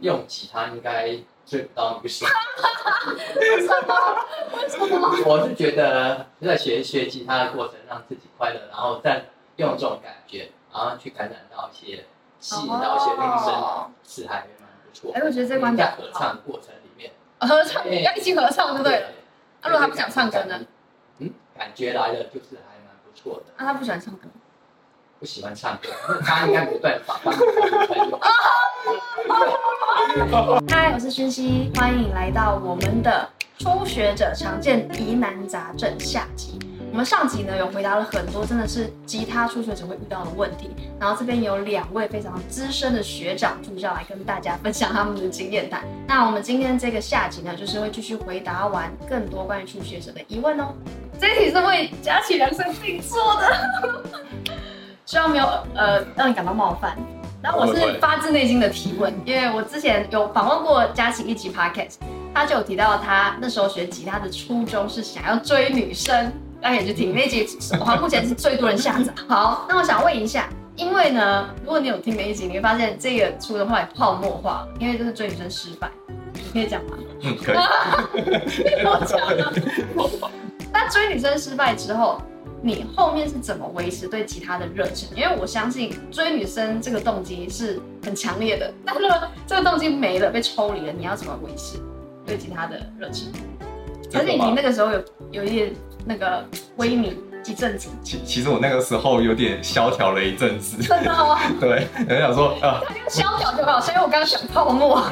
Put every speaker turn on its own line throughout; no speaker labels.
用吉他應該最當不行為什麼？為什麼？我是覺得在學學吉他的過程，讓自己快樂，然後再用這種感覺，然後去感染到一些，吸引到一些女生，是還蠻
不錯。哎，我覺得這關在
合唱過程裡面，
合唱要一起合唱，對不對？阿若他不想唱歌呢？嗯，
感覺來了就是還蠻不錯
的。那他不喜歡唱歌。
不喜
歡唱歌，那他應該沒辦法。嗨，我是薰希，歡迎來到我們的初學者常見疑難雜症下集。我們上集呢，有回答了很多真的是吉他初學者會遇到的問題，然後這邊有兩位非常資深的學長助教來跟大家分享他們的經驗談。那我們今天這個下集呢，就是會繼續回答完更多關於初學者的疑問哦。 這一題是為佳琪量身定做的。 希望沒有呃讓你感到冒犯，然後我是發自內心的提問，會會，因為我之前有訪問過嘉慶一集 Podcast，他就有提到他那時候學吉他的初衷是想要追女生，大家也去聽那集，我目前是最多人下載。 好，那我想問一下，因為呢，如果你有聽那集，你會發現這個出的話也泡沫化，因為就是追女生失敗，你可以講嗎？
可以。
那追女生失敗之後。你後面是怎麼維持對吉他的熱情？因為我相信追女生這個動機是很強烈的。那這個這個動機沒了，被抽離了，你要怎麼維持對吉他的熱情？而且你那個時候有有一點那個萎靡一陣子。
其實其實我那個時候有點蕭條了一陣子。真的嗎？對，有人想說啊。
蕭條就，就好，所以我剛剛想泡沫，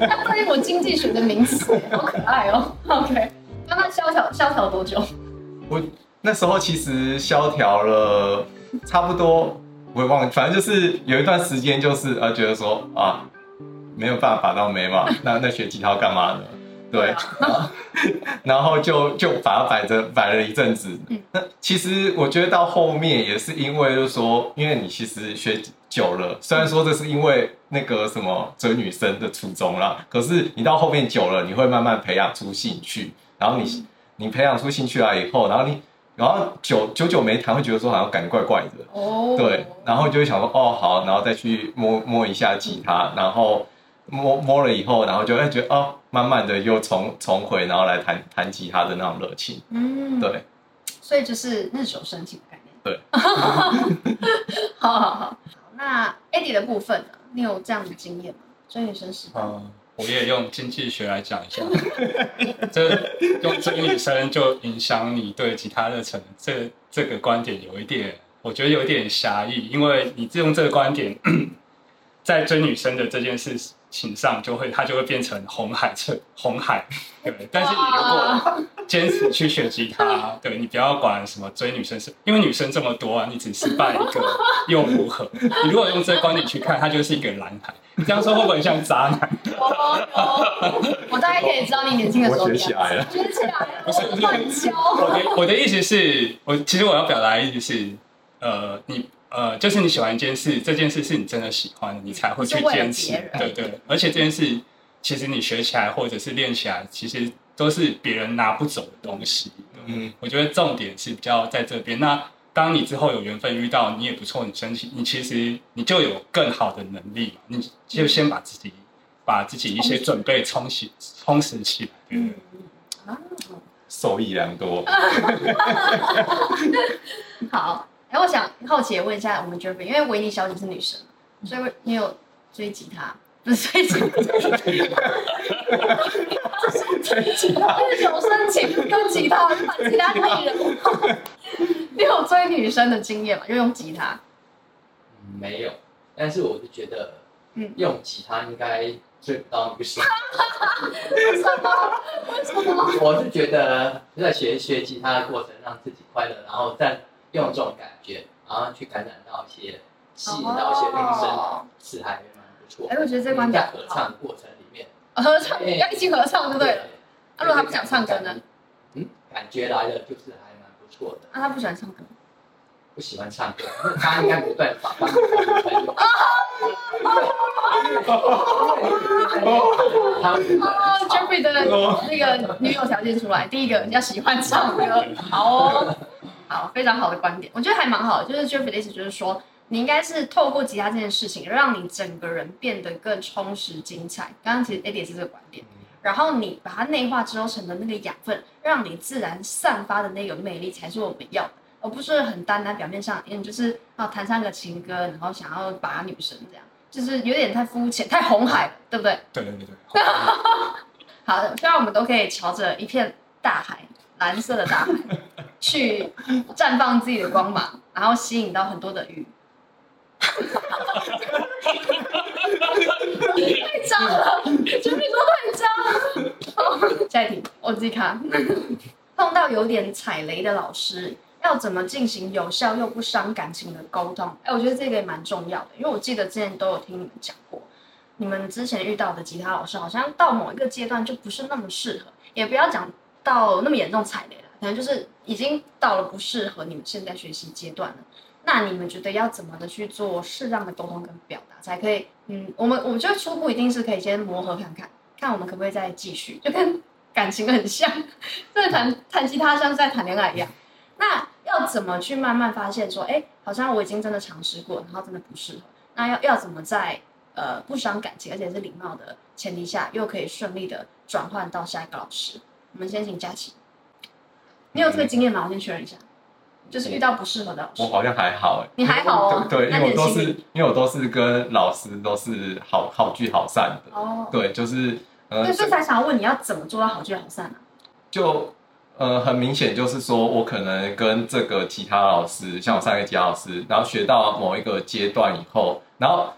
它 對我經濟學的名詞，好可愛哦、喔。OK，那他蕭條蕭條多久？我。
那時候其實蕭條了，差不多我也忘了，反正就是有一段時間就是呃、啊、覺得說啊沒有辦法到沒嘛，那那學吉他幹嘛呢？對，啊、 然後就就把它擺着擺了一陣子。嗯、那其實我覺得到後面也是因為就是說，因為你其實學久了，雖然說這是因為那個什麼追女生的初衷啦，可是你到後面久了，你會慢慢培養出興趣，然後你、嗯、你培養出興趣來以後，然後你。然後久久久沒彈，會覺得說好像感覺怪怪的，oh. 對，然後就會想說哦好，然後再去摸摸一下吉他，mm hmm. 然後摸摸了以後，然後就會覺得哦，慢慢的又重重回，然後來彈彈吉他的那種熱情，嗯、mm，hmm. 對，
所以就是日久生情的概念，對，好好好，好那 Eddie 的部分呢、啊？你有這樣的經驗嗎？專業生是
我也用經濟學來講一下 這，這用追女生就影響你對吉他熱忱，這這個觀點有一點，我覺得有一點狹義，因為你用這個觀點在追女生的這件事情。情上就會，它就會變成紅海車，紅海，對，但是你如果堅持去學吉他，對，你不要管什麼追女生是，因為女生這麼多啊，你只失敗一個又如何？你如果用這個觀點去看，它就是一個藍海。你這樣說會不會很像渣男？我大概
可以知道你年輕的時候，oh, oh, oh, oh. 我學起來了，學起來了，不是傳銷。我，很我
的我的意思是，我其實我要表達的意思是，呃，你。呃，就是你喜歡一件事，這件事是你真的喜歡的，你才會去堅持。對對，而且這件事其實你學起來或者是練起來，其實都是別人拿不走的東西。嗯，我覺得重點是比較在這邊。那當你之後有緣分遇到你也不錯，你你其實你就有更好的能力，你就先把自己、嗯、把自己一些準備充實充實起來。
嗯，
受益良多。
好。然後、哎，我想好奇也問一下我們 Jervy，因為維尼小姐是女生，所以你有追吉他，不是追吉他？哈哈 追吉
他，日久生情，
跟吉他， 吉他女人。你有追女生的經驗嗎？又用吉他，
嗯？沒有，但是我是覺得，
嗯，用
吉他應該追到女生。為什麼？為什麼？我是覺得在學學吉他的過程，讓自己快樂，然後在。用這種感覺，然後去感染到一些，
吸引到一些女生是還蠻不錯。哎，我覺得這關在合
唱過程裡面，
合唱要一起合唱就對了。那如果他不想唱歌呢？嗯，感覺來了
就是還蠻不錯
的。那他不喜歡唱歌？
不喜歡唱歌，他應該不
對反。他會不斷反。Jerry 的那個女友條件出來，第一個你要喜歡唱歌，好哦。好，非常好的觀點，我覺得還蠻好的。就是 Jeff Davis 就是說，你應該是透過吉他這件事情，讓你整個人變得更充實精、精彩。剛剛其實 a d i 也是這個觀點，嗯、然後你把它內化之後，成了那個養分，讓你自然散發的那個魅力，才是我們要的，而不是很單單表面上，嗯，就是啊彈上個情歌，然後想要把女生這樣，就是有點太膚淺、太紅海，對不對？對對對對。好，對 好的，希望我們都可以朝着一片大海，藍色的大海。 去綻放自己的光芒，然後吸引到很多的魚。 太髒了，前面都太髒了。 下一題，我自己看。 碰到有點踩雷的老師，要怎麼進行有效又不傷感情的溝通？哎、欸，我覺得這個也蠻重要的，因為我記得之前都有聽你們講過，你們之前遇到的吉他老師，好像到某一個階段就不是那麼適合，也不要講到那麼嚴重踩雷。可能就是已經到了不適合你們現在學習階段了。那你們覺得要怎麼的去做適當的溝通跟表達，才可以？嗯，我們我們就初步一定是可以先磨合看看，看我們可不可以再繼續，就跟感情很像，在談談吉他，像在談戀愛一樣。那要怎麼去慢慢發現說，哎，好像我已經真的嘗試過，然後真的不適合。那要要怎麼在呃不傷感情，而且是禮貌的前提下，又可以順利的轉換到下一個老師？我們先請佳琪。你有這個經驗嗎？嗯、我先確
認一下，就是遇到不適合的老
師，我好像還好，你還好哦。嗯、對，對那你因為我都是
因為我都是跟老師都是好好聚好散的。哦，對，就是，就、嗯、是
才想要問你要怎麼做到好聚好散？啊、
就呃，很明顯就是說我可能跟這個其他老師，像我上一個吉他老師，然後學到某一個階段以後，然後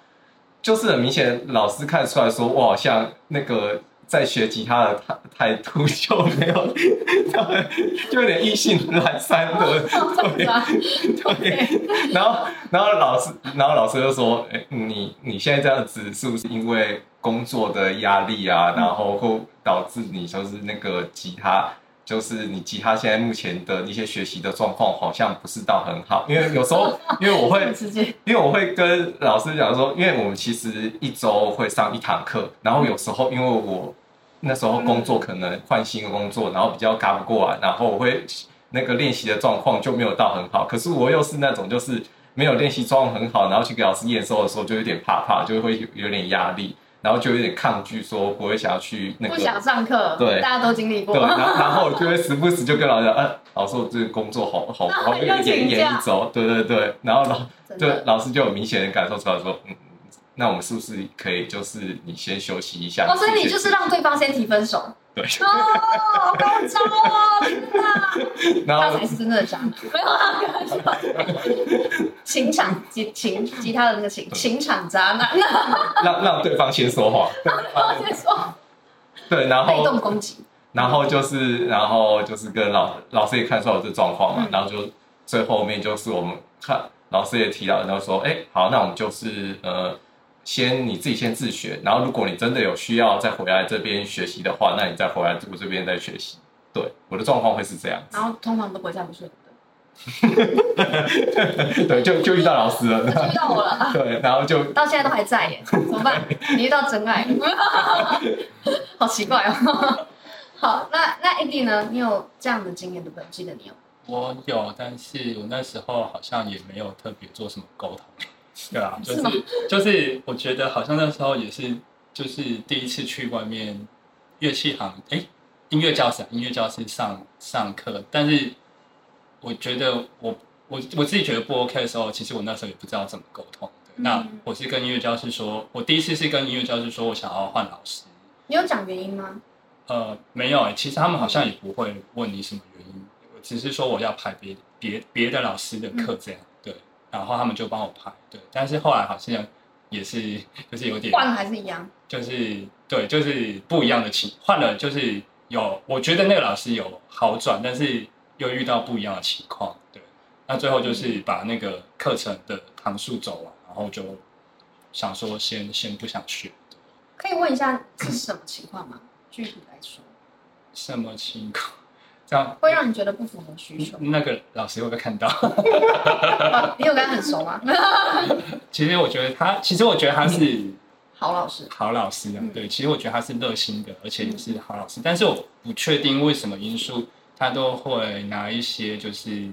就是很明顯老師看出來說，我好像那個。在學吉他的態態度就沒有， 就有點意興闌珊，對。然後，
然後
老師，然後老師就說：“哎、欸，你你現在這樣子，是不是因為工作的壓力啊？嗯、然後會導致你就是那個吉他，就是你吉他現在目前的一些學習的狀況，好像不是到很好。因為有時候，oh, okay, 因為我會，因為我會跟老師講說，因為我們其實一周會上一堂課，然後有時候因為我。那時候工作可能換新的工作，嗯、然後比較趕不過來，然後我會那個練習的狀況就沒有到很好。可是我又是那種就是沒有練習狀況很好，然後去給老師驗收的時候就有點怕怕，就會有有點壓力，然後就有點抗拒，說不會想要去那個不想
上課，對，大家都經歷過。對，然後 然後
就會時不時就跟老師說，嗯、啊，老師我這個工作好好忙，演一點一點一走，對對對，然後老對的老師就有明顯的感受出來說，說嗯。那我們是不是可以，就是你先休息
一下、哦？所以你就是讓對方先提分手？對、哦，好高招哦！真、嗯、的、啊， 然後他才是那啥，沒 有他更他情場即情，其他人的情，情場渣男。
讓讓對方先說話，
先
對，然後被動攻擊，然後就是，然後就是跟老老師也看出了我這狀況嘛，嗯、然後就最後面就是我們看老師也提到，然後說，哎，好，那我們就是呃。先你自己先自學，然後如果你真的有需要再回來這邊學習的話，那你再回來我這邊再學習。對，我的狀況會是這樣。然
後通常都回家不順
對，就就遇到老師了。 就遇到我了 對，然後就
到現在都還在耶。 怎麼辦？你遇到真愛。 好奇怪哦。 好，那那 AD 呢？你有這樣的經驗的不？記得你有。
我有，但是我那時候好像也沒有特別做什麼溝通。對啊，就是，是嗎？就是，我覺得好像那時候也是，就是第一次去外面樂器行，哎，音樂教室啊，音樂教室上上課，但是我覺得我我我自己覺得不 OK 的時候，其實我那時候也不知道怎麼溝通，對，嗯，那我是跟音樂教室說，我第一次是跟音樂教室說我想要換老師。你
有講原
因嗎？呃，沒有欸，哎，其實他們好像也不會問你什麼原因，只是說我要排別別別的老師的課這樣。嗯然後他們就幫我拍，對，但是後來好像也是，就是有點換了還是一樣，就是對，就是不一樣的情換了，就是有，我覺得那個老師有好轉，但是又遇到不一樣的情況，對，那最後就是把那個課程的堂數走了，嗯、然後就想說先先不想學。
可以問一下是什麼情況嗎？ 具體來說，
什麼情況？會
讓你覺得不符合需
求。那個老師有沒有看到？ 啊、你有跟他很熟
嗎？
其實我覺得他，其實我覺得他是好老師，好老師啊。嗯、對，其實我覺得他是熱心的，而且也是好老師。嗯、但是我不確定為什麼因素，他都會拿一些就是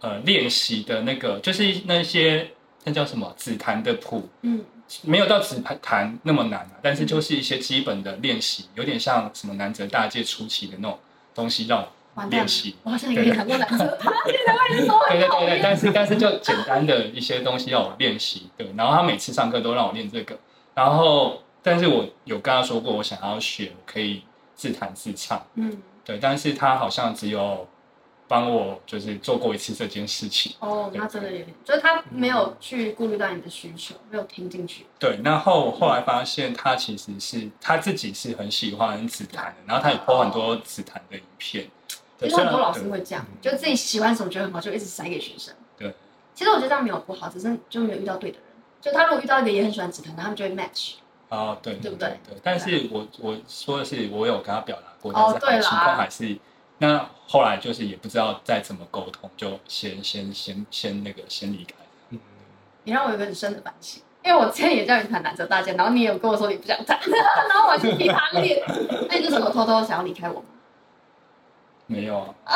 呃練習的那個，就是那些那叫什麼指彈的譜，嗯，沒有到指彈那麼難、啊、但是就是一些基本的練習，有點像什麼南澤大介初期的那種東西，讓我。
練習，我好像也也想過，但是他在外面說很討厭。對對對，
但是但是就簡單的一些東西要我練習，對。然後他每次上課都讓我練這個，然後但是我有跟他說過，我想要學，可以自彈自唱，嗯，對。但是他好像只有幫我就是做過一次這件事情。哦，
那真的有點，就是他沒有去顧慮到你的需求，沒有聽進去。
對，那後後來發現他其實是他自己是很喜歡自彈的，然後他也 PO 很多自彈的影片。
其實很多老師會這樣，就，這樣就自己喜歡什麼覺得很好，就一直塞給學生。
對。
其實我覺得這樣沒有不好，只是就沒有遇到對的人。就他如果遇到一個也很喜歡指彈，他們就會 match。哦，對。對不對，嗯、對？對。
但是我我說的是，我有跟他表達過，但是情況還是……哦啊、那後來就是也不知道再怎麼溝通，就先先先先那個先離開。嗯。
你讓我有個很深的反省，因為我之前也叫你彈男生大件，然後你也有跟我說你不想彈， 然後我就替他練，那是 我麼？偷偷想要離開我？沒有
啊，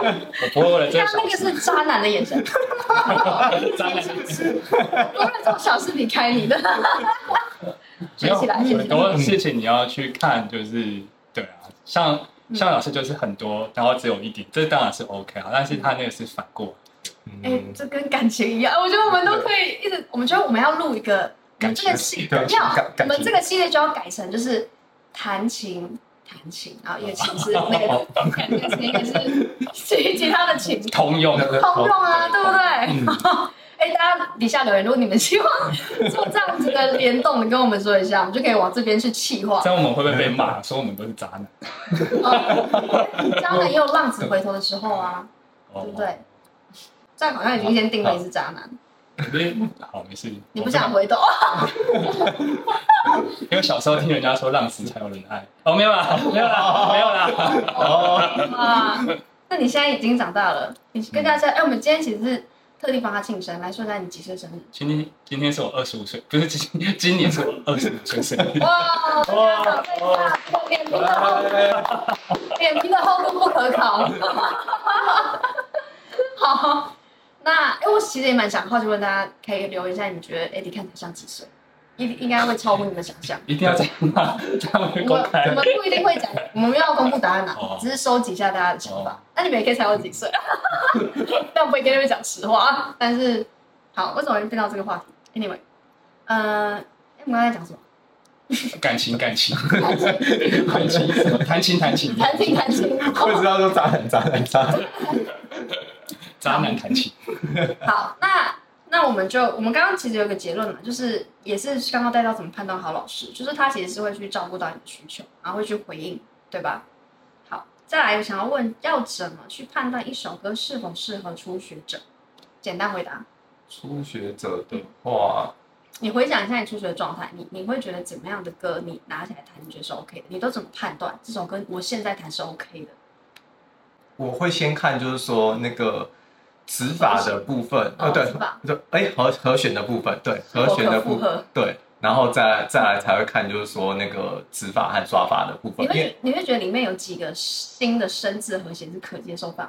我不會的這他那個
是渣男的眼神，
渣男
是，不會從小事離開你的。沒有，很多
事
情你要去看，就是對啊，像像老師就是很多，然後只有一點，這當然是 OK 啊，但是他那個是反過。哎，
這跟感情一樣，我覺得我們都可以一直，我們覺得我們要錄一個這個系列，要我們這個系列就要改成就是彈琴。情，琴，然後樂器那個，那個是吉吉他的琴同、那個，通用，通用啊，對，對不對？哎、嗯欸，大家底下留言，如果你們希望做這樣子的聯動，你跟我們說一下，我們就可以往這邊去企劃。這樣我
們會不會被罵，嗯、說我們都是渣男？
渣男、 嗯、也有浪子回頭的時候啊，
嗯、
對不對？這、嗯、樣好像已經先定位是渣男。嗯
好，沒事。你不想回頭？因為小時候聽人家說浪子才有人愛。沒有啦，沒有啦，沒有啦。
哦，那你現在已經長大了，你跟大家說，哎，我們今天其實是特地幫他慶生，來說一下你幾歲生日。
今天今天是我二十五歲，不是，今今年是我二十五歲生日。哇哇
哇！臉皮的臉皮的厚度不可考。好。那，哎，我其實也蠻想好奇問大家，可以留言一下，你覺得 Eddie 看起來像幾歲？一，應該會超乎你的想象。一定要講嗎？這
樣會公開？我
們不一定會講，我們要公布答案嘛？只是收集一下大家的想法。那你們也可以猜我幾歲？但我不會跟你們講實話。但是，好，為什麼會變到這個話題？Anyway，呃，我們剛才講什麼？感情，
感情，感情，談情談情，談情談情，不知道說渣很渣很渣渣
男彈琴。 好，那那我們就我們剛剛其實有一個結論嘛，就是也是剛剛帶到怎麼判斷好老師，就是他其實是會去照顧到你的需求，然後會去回應，對吧？好，再來，我想要問，要怎麼去判斷一首歌是否適合初學者？簡單回答，
初學者的話，嗯、
哇你回想一下你初學的狀態，你你會覺得怎麼樣的歌你拿起來彈你覺得是 OK 的？你都怎麼判斷這首歌？我現在彈是 OK 的。
我會先看，就是說那個。指法的部分，哦，對，就，哎，和和弦的部分，對，和弦的部分，對，然後再再來才會看，就是說那個指法和刷法的部分。你會
你會覺得裡面有幾個新的生字和弦是可接受範
圍？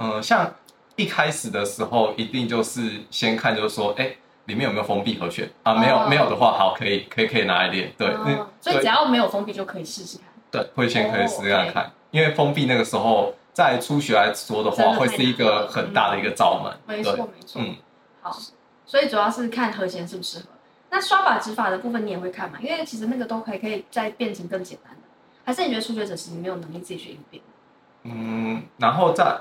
嗯，像一開始的時候，一定就是先看，就是說，哎，裡面有沒有封閉和弦啊？沒有沒有的話，好，可以可以可以拿來練，對。所以只
要沒有封閉就可以試試看。
對，會先可以試試看，因為封閉那個時候。在初學來說的話，會是一個很大的一個罩門、嗯嗯，沒錯沒錯。對嗯，
好，所以主要是看和弦適不適合。那刷把指法的部分你也會看嗎？因為其實那個都還可,可以再變成更簡單的。還是你覺得初學者其實沒有能力自己去應變？嗯，
然後再，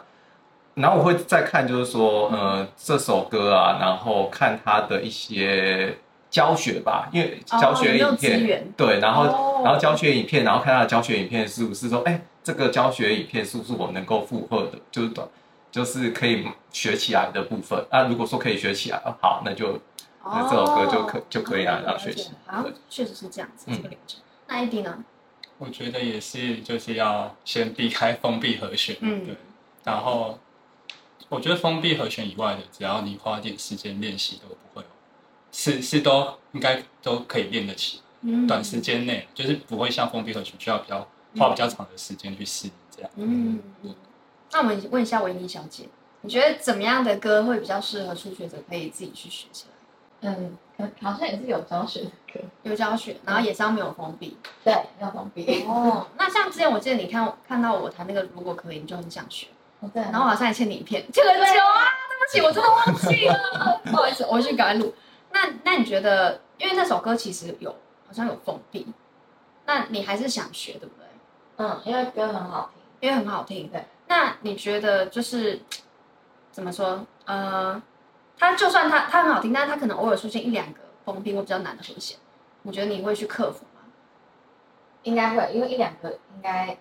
然後我會再看，就是說，呃，這首歌啊，然後看他的一些。教學吧，因為教學影片、oh, 對，然後、oh. 然後教學影片，然後看他的教學影片是不是說，哎、欸，這個教學影片是不是我能夠負荷的，就是短，就是可以學起來的部分啊。如果說可以學起來，好，
那就、oh.
那這首歌就可就可以來讓來、oh, okay, 了，然後學習。好，確實是這樣子這、嗯、那 AD
呢？我覺得也是，就是要先避開封閉和弦，嗯、對，然後我覺得封閉和弦以外的，只要你花一點時間練習，都不會。是是都應該都可以練得起，短時間內就是不會像封閉和弦需要比較花比較長的時間去適應這
樣。嗯，那我們問一下維尼小姐，你覺得怎麼樣的歌會比較適合初學者可以自己去學起來？嗯，好像也是有教學，有教學，然後也是要沒有封閉，對，沒有封閉。哦，那像之前我記得你看看到我彈那個如果可以，你就很想學。對。然後我好像還欠你一片，欠了球啊！對不起，我真的忘記了，不好意思，我去趕快錄。那那你覺得，因為那首歌其實有好像有封閉，那你還是想學對不對？嗯，因為歌很好聽，因為很好聽對。那你覺得就是怎麼說？呃，他就算他他很好聽，但是他可能偶爾出現一兩個封閉或比較難的和弦，你覺得你會去克服嗎？應該會，因為一兩個應該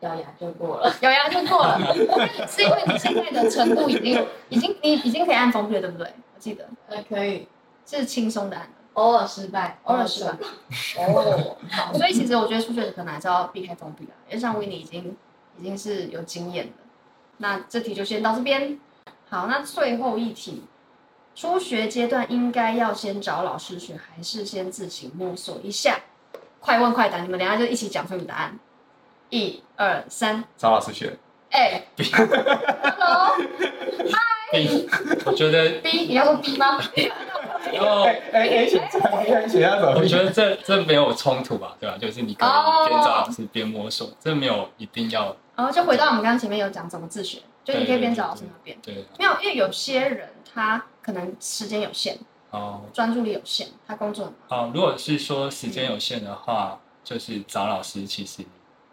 咬牙就過了，咬牙就過了。 是因為你現在的程度已經已經你已經可以按封閉了對不對？我記得，呃、嗯，可以。是輕鬆的偶爾失敗，偶爾失
敗。哦，
所以其實我覺得初學者可能還是要避開封閉的，因為像 Winnie 已經，已經是有經驗的。那這題就先到這邊。好，那最後一題，初學階段應該要先找老師學，還是先自行摸索一下？快問快答，你們等下就一起講出你們答案。一、二、三，
找老師學。哎
A。B Hello，h
B Hi 我覺得。
B，你要問 B 嗎？
然後，我覺得這這沒有衝突吧，對吧、啊？就是你可能邊找老師邊摸索，這沒有一定要。
哦，oh, 就回到我們剛剛前面有講怎麼自學，就你可以邊找老師那邊。對，對，對，沒有，因為有些人他可能時間有限，哦，專注力有限，他工作。
哦，oh, 如果是說時間有限的話，嗯、就是找老師，其實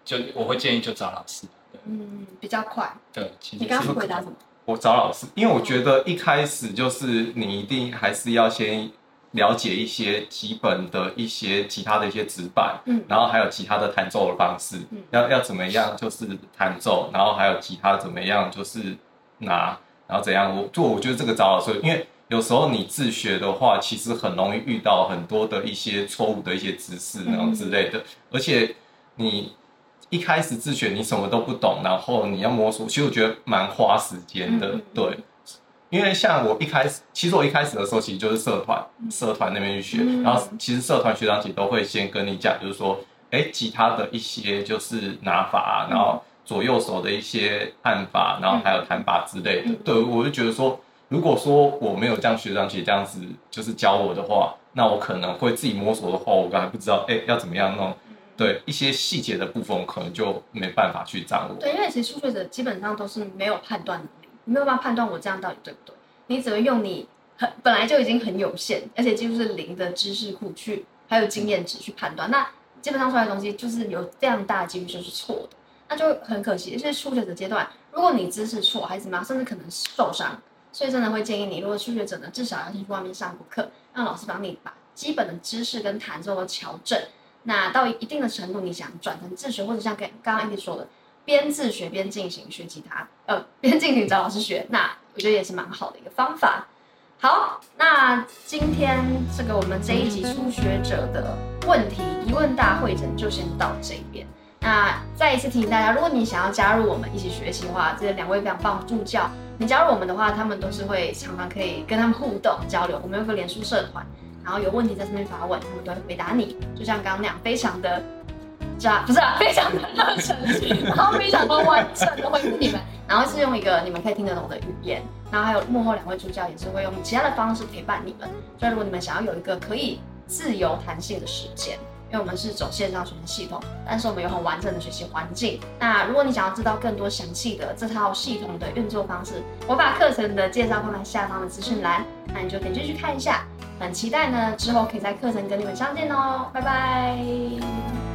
就我會建議就找老師。
對，嗯，比較快。
對，其實是，你剛剛回答什麼？找老師，因為我覺得一開始就是你一定還是要先了解一些基本的一些吉他的一些指板，嗯，然後還有吉他的彈奏的方式，嗯、要要怎麼樣就是彈奏，然後還有吉他怎麼樣就是拿，然後怎樣我就，就我覺得這個找老師，因為有時候你自學的話，其實很容易遇到很多的一些錯誤的一些知識，然後之類的，嗯、而且你。一開始自學，你什麼都不懂，然後你要摸索，其實我覺得蠻花時間的。嗯、對，因為像我一開始，其實我一開始的時候，其實就是社團，社團那邊去學。嗯、然後其實社團學長姐都會先跟你講，就是說，哎、欸，吉他的一些就是拿法啊，然後左右手的一些按法，然後還有彈法之類的。嗯、對，我就覺得說，如果說我沒有像學長姐這樣子就是教我的話，那我可能會自己摸索的話，我剛才不知道，哎、欸，要怎麼樣弄。對一些細節的部分，可能就沒辦法去掌握。對，因
為其實初學者基本上都是沒有判斷能力，你沒有辦法判斷我這樣到底對不對。你只能用你很本來就已經很有限，而且幾乎是零的知識庫去，還有經驗值去判斷。嗯、那基本上出來的東西就是有這樣大的幾率就是錯的，那就很可惜。而且初學者階段，如果你知識錯，還是什麼樣甚至可能受傷。所以真的會建議你，如果初學者呢，至少要先去外面上課，讓老師幫你把基本的知識跟彈奏都調正。那到一定的程度，你想轉成自學，或者像剛剛一直說的，邊自學邊進行學吉他，呃，邊進行找老師學，那我覺得也是蠻好的一個方法。好，那今天這個我們這一集初學者的問題疑問大會診就先到這邊。那再一次提醒大家，如果你想要加入我們一起學習的話，這兩位非常棒助教，你加入我們的話，他們都是會常常可以跟他們互動交流，我們有個臉書社團。然後有問題在上面發問，他們就會回答你，就像剛剛那樣，非常的，是不是啊，非常的熱情，然後非常的完整的回覆你們。然後是用一個你們可以聽得懂的語言。然後還有幕後兩位助教也是會用其他的方式陪伴你們。所以如果你們想要有一個可以自由彈性的時間，因為我們是走線上學習系統，但是我們有很完整的學習環境。那如果你想要知道更多詳細的這套系統的運作方式，我把課程的介紹放在下方的資訊欄，嗯、那你就點進去看一下。很期待呢，之後可以在課程跟你們相見哦，拜拜。